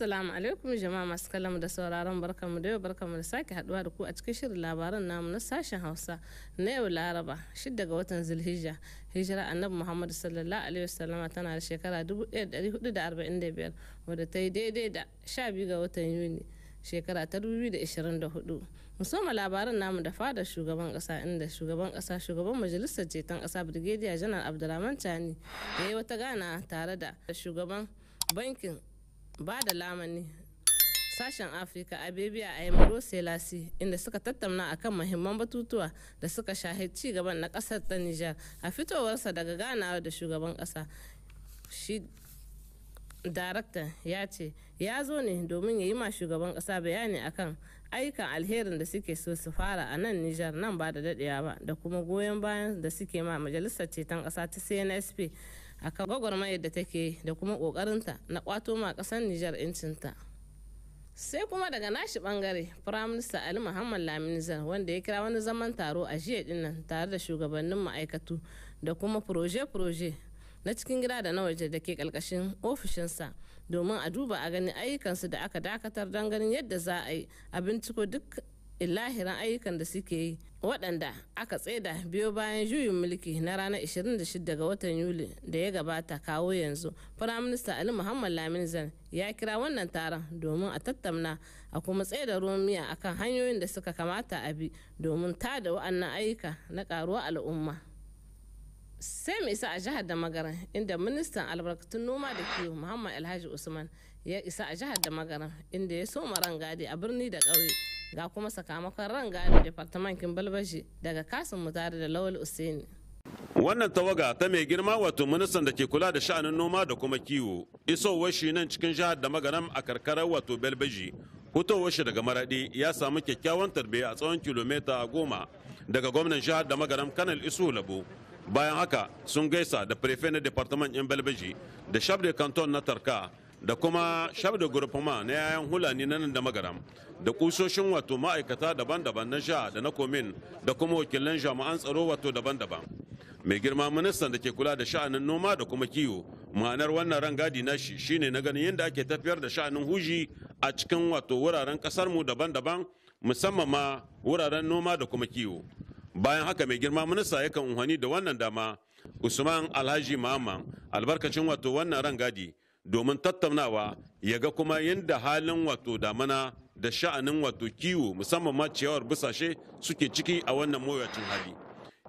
Assalamu alaikum jama'a masu kallon da sauraron barkanmu da yau barkanmu da sake haduwa da ku a cikin shirin labaran namu na sashen Hausa na yau Laraba shi ga watan Zulhijja hijira Annabi Muhammad sallallahu alaihi wasallama tana da shekara 1445 wadda ta yi daidai da 12 ga watan Yuni shekara ta 2024 musamman labaran namu da fadar shugaban kasa inda shugaban kasa shugaban majalisar ceton kasa brigadier janar abdulrahman tani ya yi wata gana tare da shugaban bankin ba da lamani sashen afirka a bebiya a yamaro selasi inda suka tattauna akan mahimman batutuwa da suka shahi ci gaban na kasar ta nijar a fitowarsa daga ganawa da shugaban kasa shi darakta ya ce ya zo ne domin ya yi ma shugaban kasa bayani akan ayyukan alherin da suke so su fara a nan nijar nan ba da dadewa ba da kuma goyon bayan da suke ma majalisar ceton kasa ta cnsp akan gwagwarmayar da take da kuma kokarinta na kwato ma kasar Nijar incinta. Sai kuma daga nashi bangare firaminista Ali Muhammad Laminizar wanda ya kira wani zaman taro a jiya dinnan tare da shugabannin ma'aikatu da kuma proje-proje na cikin gida da na waje da ke kalkashin ofishinsa domin a duba a gani ayyukansu da aka dakatar don ganin yadda za a yi a binciko duk lahirin ayyukan da suke yi waɗanda aka tsaida biyo bayan juyin mulki na ranar 26 ga watan yuli da ya gabata kawo yanzu firaminista ali muhammad lamin zan ya kira wannan taron domin a tattauna a kuma tsaida ruwan miya akan hanyoyin da suka kamata a bi domin ta da wa'annan ayyuka na karuwa al'umma sai mai isa a jihar da magaran inda ministan albarkatun noma da kiwo muhammad alhaji usman ya isa a jihar da magaran inda ya soma rangadi a birni da ƙauye ga kuma sakamakon ranga da departamentin balbashi daga kasin mutare da lawal usaini wannan tawaga ta mai girma wato ministan da ke kula da sha'anin noma da kuma kiwo iso washi nan cikin jihar da maganam a karkarar wato belbeji hutowar shi daga maradi ya samu kyakkyawan tarbiyya a tsawon kilomita goma daga gwamnan jihar da maganam kanal isu labo bayan haka sun gaisa da prefe na departament yan belbeji da shabde canton na tarka da kuma shaf da gurfuma na yayan hulani na nan da magaram da kusoshin wato ma'aikata daban-daban na sha da na komin da kuma wakilan jami'an tsaro wato daban-daban mai girma ministan da ke kula da sha'anin noma da kuma kiwo ma'anar wannan rangadi na shi shine na ganin yadda ake tafiyar da sha'anin huji a cikin wato wuraren kasar mu daban-daban musamman ma wuraren noma da kuma kiwo bayan haka mai girma minista yakan unhani da wannan dama usman alhaji mamman albarkacin wato wannan rangadi domin tattaunawa ya ga kuma yadda halin wato damana da sha'anin wato kiwo musamman ma ciyawar busashe suke ciki a wannan mawuyacin hali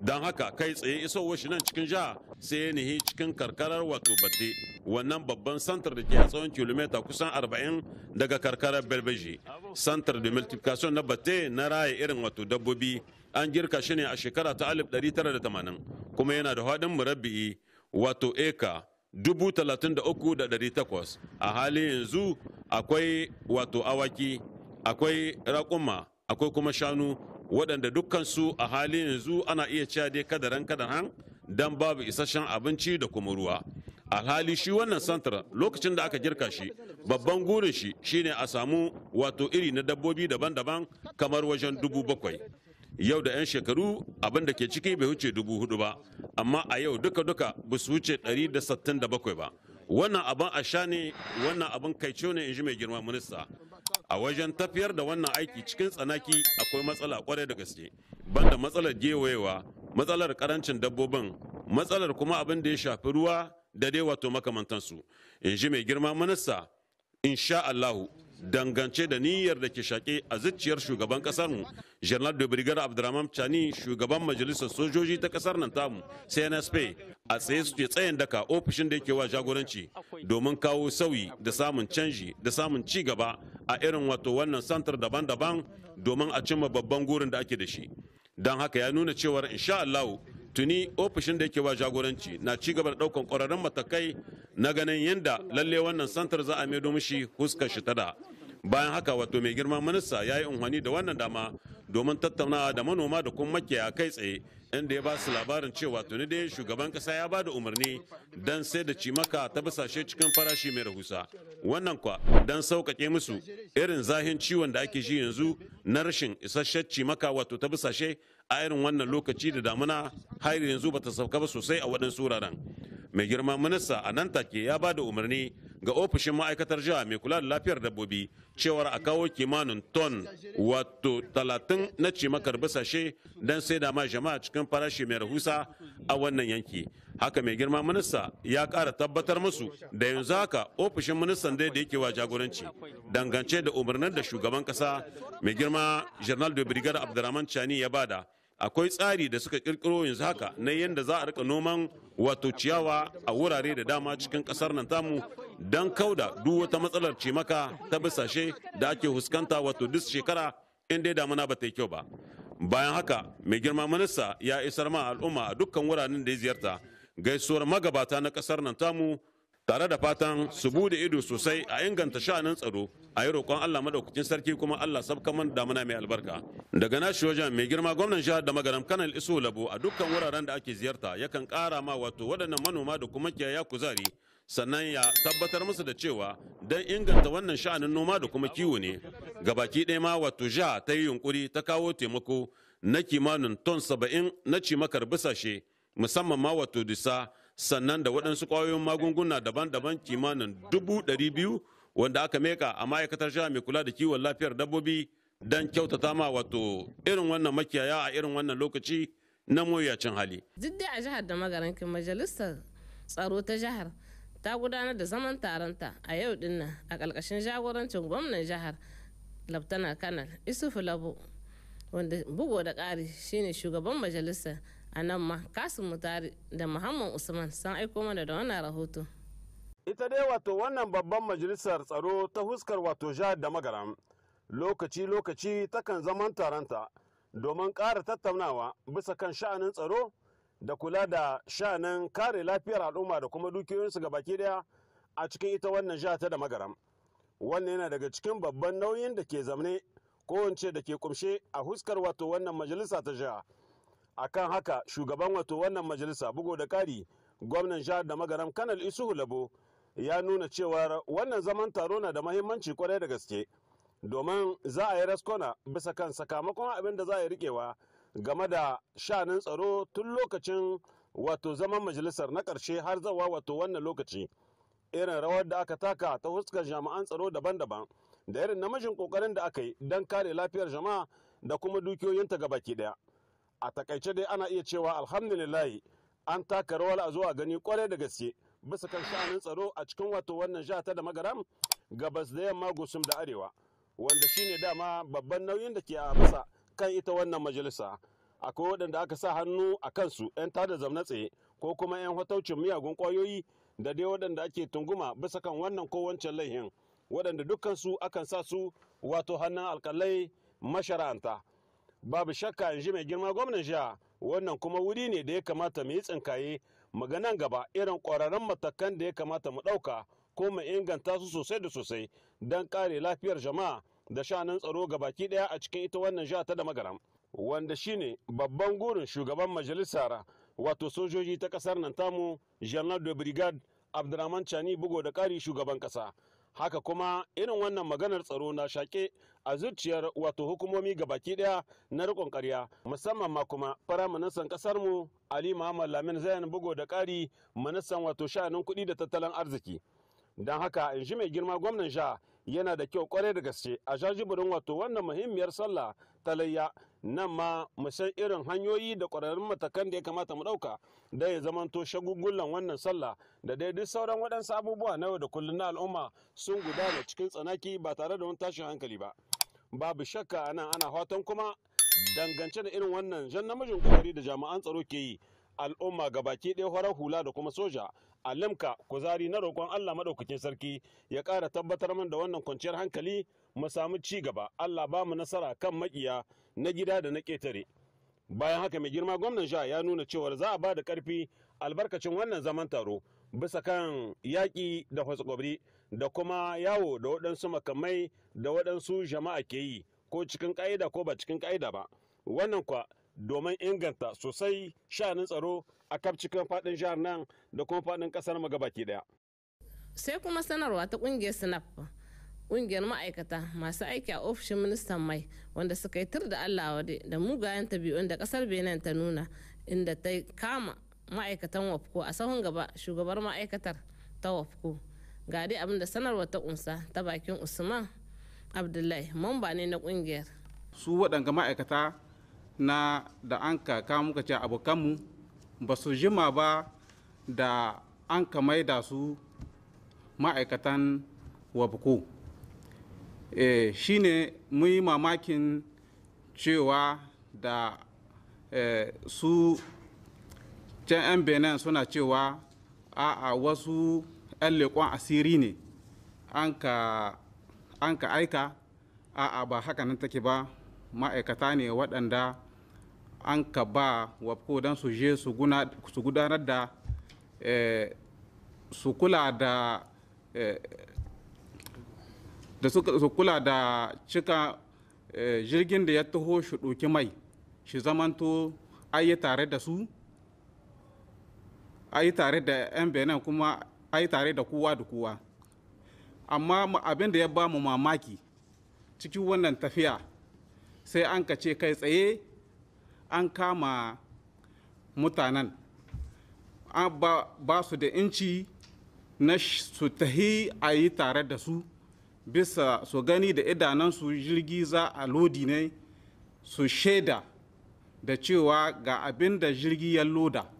don haka kai tsaye isowar shi nan cikin jiha sai ya nihi cikin karkarar wato batte wannan babban santar da ke a tsawon kilomita kusan 40 daga karkarar belbeji santar da multiplication na batte na raya irin wato dabbobi an girka shi ne a shekara ta 1980 kuma yana da haɗin murabbi'i wato eka 33,800 a halin yanzu akwai wato awaki akwai raƙuma akwai kuma shanu waɗanda dukkansu a halin yanzu ana iya cewa dai kadaran kadaran don babu isasshen abinci da kuma ruwa alhali shi wannan santar lokacin da aka girka shi babban gurin shi shine a samu wato iri na dabbobi daban-daban kamar wajen dubu bakwai yau da 'yan shekaru abin da ke ciki bai wuce dubu hudu ba amma a yau duka-duka ba su wuce 167 ba wannan abin a sha ne wannan abin kaico ne in ji mai girma minista a wajen tafiyar da wannan aiki cikin tsanaki akwai matsala kwarai da gaske banda matsalar gewayewa matsalar karancin dabbobin matsalar kuma abin da ya shafi ruwa da dai wato makamantansu in ji mai girma minista insha Allahu dangance da niyyar da ke shaƙe a zuciyar shugaban ƙasar mu general de brigar abdurrahman chani shugaban majalisar sojoji ta ƙasar nan tamu cnsp a tsaye su ke tsayin daka ofishin da yake wa jagoranci domin kawo sauyi da samun canji da samun ci gaba a irin wato wannan santar daban-daban domin a cimma babban gurin da ake da shi don haka ya nuna cewar insha Allah tuni ofishin da yake wa jagoranci na ci gaba da ɗaukan ƙwararrun matakai na ganin yadda lalle wannan santar za a domin mishi huskar shi ta da bayan haka wato mai girman minista ya yi unhwani da wannan dama domin tattaunawa da manoma da kuma makiyaya kai tsaye inda ya ba su labarin cewa tuni dai shugaban kasa ya ba da umarni don sai da cimaka ta basashe cikin farashi mai rahusa wannan kwa don sauƙaƙe musu irin zahin ciwon da ake ji yanzu na rashin isasshen cimaka wato ta basashe a irin wannan lokaci da damuna har yanzu bata sauka ba sosai a waɗansu wuraren mai girman minista a nan take ya ba da umarni ga ofishin ma'aikatar jiha mai kula da lafiyar dabbobi cewar a kawo kimanin ton wato talatin na cimakar basashe don sai da ma jama'a cikin farashi mai rahusa a wannan yanki haka mai girma minista ya kara tabbatar musu da yanzu haka ofishin ministan dai da yake wa jagoranci dangance da umarnin da shugaban kasa mai girma jernal da brigar abdurrahman chani ya bada akwai tsari da suka kirkiro yanzu haka na yadda za a rika noman wato ciyawa a wurare da dama cikin kasar nan tamu don kauda duk wata matsalar cimaka ta bisashe da ake huskanta wato duk shekara in dai damuna ba ta yi kyau ba bayan haka mai girma minista ya isar ma al'umma a dukkan wuraren da ya ziyarta gaisuwar magabata na kasar nan tamu tare da fatan su bude ido sosai a inganta sha'anin tsaro a yi roƙon Allah maɗaukacin sarki kuma Allah man damuna mai albarka daga nashi wajen mai girma gwamnan jihar da magaram kanal iso labo a dukkan wuraren da ake ziyarta yakan ƙara ma wato waɗannan manoma da kuma kiyaya kuzari sannan ya tabbatar musu da cewa don inganta wannan sha'anin noma da kuma kiwo ne gabaki ɗaya ma wato jiha ta yi yunkuri ta kawo taimako na kimanin ton saba'in na cimakar bisashe musamman ma wato disa sannan da waɗansu ƙwayoyin magunguna daban-daban kimanin dubu ɗari biyu wanda aka meka a ma'aikatar jiha mai kula da kiwon lafiyar dabbobi don kyautata ma wato irin wannan makiyaya a irin wannan lokaci na mawuyacin hali. Duk dai a jihar da magarankin majalisar tsaro ta jihar ta gudanar da zaman taronta a yau dinnan a ƙarƙashin jagorancin gwamnan jihar laftana kanal isufu labo wanda bugu da ƙari shine shugaban majalisa a nan ma kasim mutari da muhammad usman san aiko mana da wannan rahoto ita dai wato wannan babban majalisar tsaro ta huskar wato jihar da magaram lokaci-lokaci takan zaman taronta domin ƙara tattaunawa bisa kan sha'anin tsaro da kula da shanin kare lafiyar al'umma da kuma dukiyoyinsu ga baki daya a cikin ita wannan jiha ta da magaram wannan yana daga cikin babban nauyin da ke zamne ko da ke kumshe a huskar wato wannan majalisa ta jiha akan haka shugaban wato wannan majalisa bugo da kari gwamnan jihar da magaram kanal isuhu labo ya nuna cewa wannan zaman taro na da mahimmanci kwarai da gaske domin za a yi raskona bisa kan sakamakon abin da za a yi rikewa game da shanin tsaro tun lokacin wato zaman majalisar na ƙarshe har zawa wato wannan lokaci irin rawar da aka taka ta huskar jami'an tsaro daban-daban da irin namijin kokarin da aka yi don kare lafiyar jama'a da kuma dukiyoyinta gaba ke daya a takaice dai ana iya cewa alhamdulillahi an taka rawar a zuwa gani kwarai da gaske bisa kan sha'anin tsaro a cikin wato wannan jiha ta da magaram gabas da yamma gusum da arewa wanda shine dama babban nauyin da ke a masa kan ita wannan majalisa akwai waɗanda aka sa hannu a kansu 'yan tada zamna tsaye ko kuma 'yan hataucin miyagun kwayoyi da dai waɗanda ake tunguma bisa kan wannan ko wancan laihin waɗanda dukkansu akan sa su wato hannun alƙalai mashara'anta babu shakka in mai girma gwamnan jiha wannan kuma wuri ne da ya kamata mu yi tsinkaye maganan gaba irin ƙwararren matakan da ya kamata mu ɗauka ko mu inganta su sosai da sosai don kare lafiyar jama'a da shanun tsaro ga baki daya a cikin ita wannan jiha ta da magaram wanda shine babban gurin shugaban majalisar wato sojoji ta kasar nan tamu general de brigade abdurrahman chani bugo da kari shugaban kasa haka kuma irin wannan maganar tsaro na shaƙe a zuciyar wato hukumomi ga baki daya na riƙon ƙarya musamman ma kuma firaministan ƙasar mu ali muhammad lamin zayan bugo da kari ministan wato sha'anin kuɗi da tattalin arziki don haka in ji mai girma gwamnan sha yana da kyau kwarai da gaske a jajibirin wato wannan muhimmiyar sallah ta layya nan ma mu san irin hanyoyi da kwararrun matakan da ya kamata mu ɗauka da ya zamanto shagugullan wannan sallah da dai duk sauran waɗansu abubuwa na yau da kullum na al'umma sun gudana cikin tsanaki ba tare da wani tashin hankali ba babu shakka anan ana fatan kuma dangance da irin wannan jan namijin kokari da jami'an tsaro ke yi al'umma ga baki ɗaya horar hula da kuma soja alimka kuzari na roƙon Allah maɗaukakin sarki ya ƙara tabbatar min da wannan kwanciyar hankali mu samu ci gaba Allah ba mu nasara kan maƙiya na gida da na ƙetare bayan haka mai girma gwamnan sha ya nuna cewa za a ba da ƙarfi albarkacin wannan zaman taro bisa kan yaƙi da fasikobri da kuma yawo da waɗansu makamai da waɗansu jama'a ke yi ko cikin ƙa'ida ko ba cikin ƙa'ida ba wannan kwa domin inganta sosai sha'anin tsaro a kaf cikin fadin jihar nan da kuma fadin kasar mu gabaki daya sai kuma sanarwa ta kungiyar snap kungiyar ma'aikata masu aiki a ofishin ministan mai wanda suka yi tur da allah wade da mugayen tabi'un da kasar benin ta nuna inda ta kama ma'aikatan wafko a sahun gaba shugabar ma'aikatar ta wafko ga dai abin da sanarwa ta unsa ta bakin usman abdullahi mamba ne na kungiyar. su waɗanga ma'aikata na da an kawo muka ce abokanmu ba su jima ba da an ka maida su ma'aikatan wabku e, shi ne yi mamakin cewa da e, su can 'yan benin suna cewa a, a wasu 'yan leƙon asiri ne an ka aika a, a ba hakanan take ba ma'aikata ne waɗanda an ka ba wapko don su je su gudanar da eh, su kula da eh, da cika eh, jirgin da ya taho shi ɗoki mai shi zamanto ayi tare da su ayi tare da 'yan benin kuma ayi tare da kowa da kowa amma abin da ya ba mu mamaki cikin wannan tafiya sai an ka ce kai tsaye an kama mutanen ba su da inci na su tahi a yi tare da su bisa su gani da su jirgi za a lodi ne su shaida da cewa ga abin da jirgi ya loda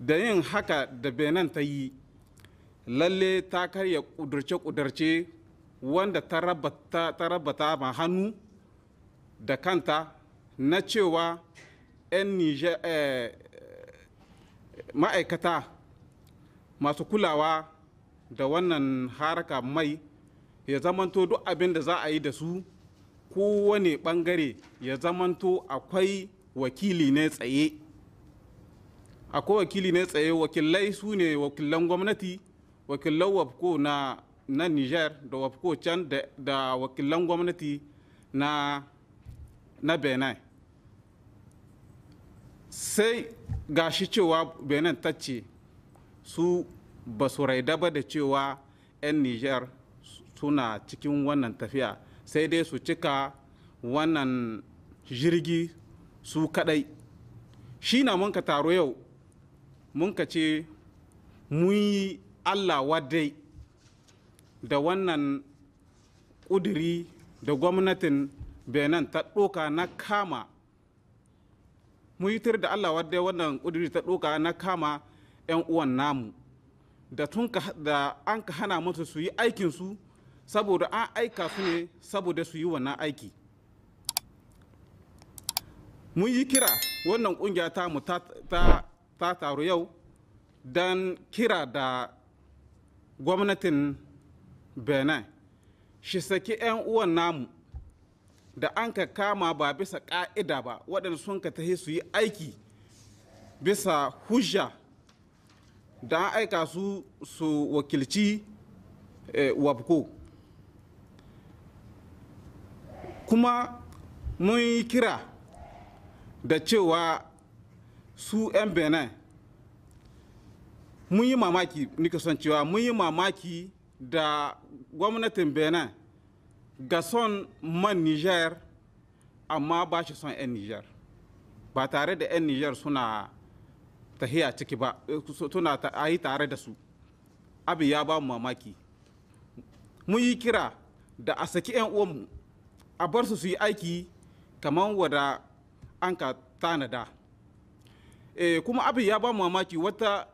da yin haka da benin ta yi lalle ta karya kudurce-kudurce wanda ta rabata ma hannu da kanta na cewa 'yan eh, ma'aikata masu kulawa da wannan haraka mai ya zamanto duk abin da za a yi da su kowane bangare ya zamanto akwai wakili ne tsaye akwai wakili ne tsaye wakilai su ne wakilan gwamnati wakilan wafko na na niger da wafko can da wakilan gwamnati na benin sai gashi cewa benin ta ce su ba su raida ba da cewa 'yan niger suna cikin wannan tafiya sai dai su cika wannan jirgi su kadai shi na mun taro yau mun ka ce mun yi allah wadai da wannan kuduri da gwamnatin benin ta ɗoka na kama mun yi da Allah wadda wannan kudiri ta ɗoka na kama 'yan uwan namu da tun da an ka hana musu su yi aikinsu saboda an aika su ne saboda su yi wannan aiki mun yi kira wannan ƙungiya ta mu ta taru yau don kira da gwamnatin benin shi saki 'yan uwan namu da an ka kama ba bisa ƙa'ida ba waɗanda sun ka tahi su yi aiki bisa hujja da an aika su su wakilci eh, wabko kuma mun yi kira da cewa su 'yan benin mun yi mamaki nika son cewa mun yi mamaki da gwamnatin benin ga son man niger amma ba shi son 'yan niger ba tare da 'yan niger suna tahiya ciki ba suna a yi tare da su abu ya ba mu mamaki mun yi kira da a saki 'yan uwanmu a bar su su yi aiki kamar wada an ka tanada e, kuma abu ya ba mu mamaki wata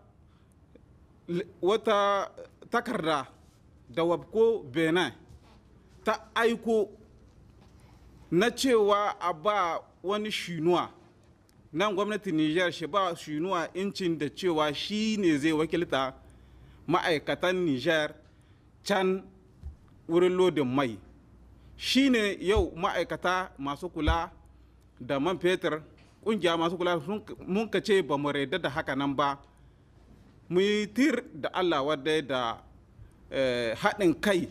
wata takarda da wabko benin ta aiko na cewa a ba wani shinuwa nan gwamnati niger shi ba shinuwa incin da cewa shi ne zai wakilta ma'aikatan niger can wurin lodin mai shi ne yau ma'aikata masu kula da man fetur kungiya masu kula mun ka ce ba mu da haka nan ba mu yi tir da allah wadda da eh, haɗin kai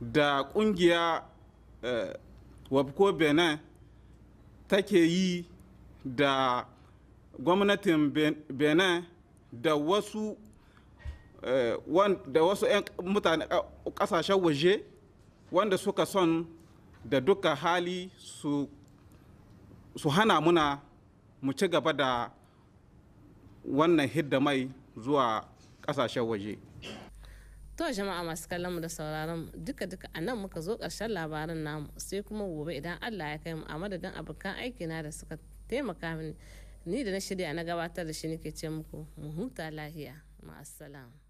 da kungiya eh, wabko benin take yi da gwamnatin benin da wasu eh, da wasu 'yan mutane kasashen waje wanda suka son da duka hali su su hana muna mu ci gaba da wannan hidda mai zuwa kasashen waje To jama'a masu kallon mu da sauraron duka-duka a nan muka zo ƙarshen labarin namu sai kuma gobe idan Allah ya kai mu a madadin abokan aikina da suka taimaka mini ni da na shirya na gabatar da shi nake ce muku mu huta lahiya ma'assalam.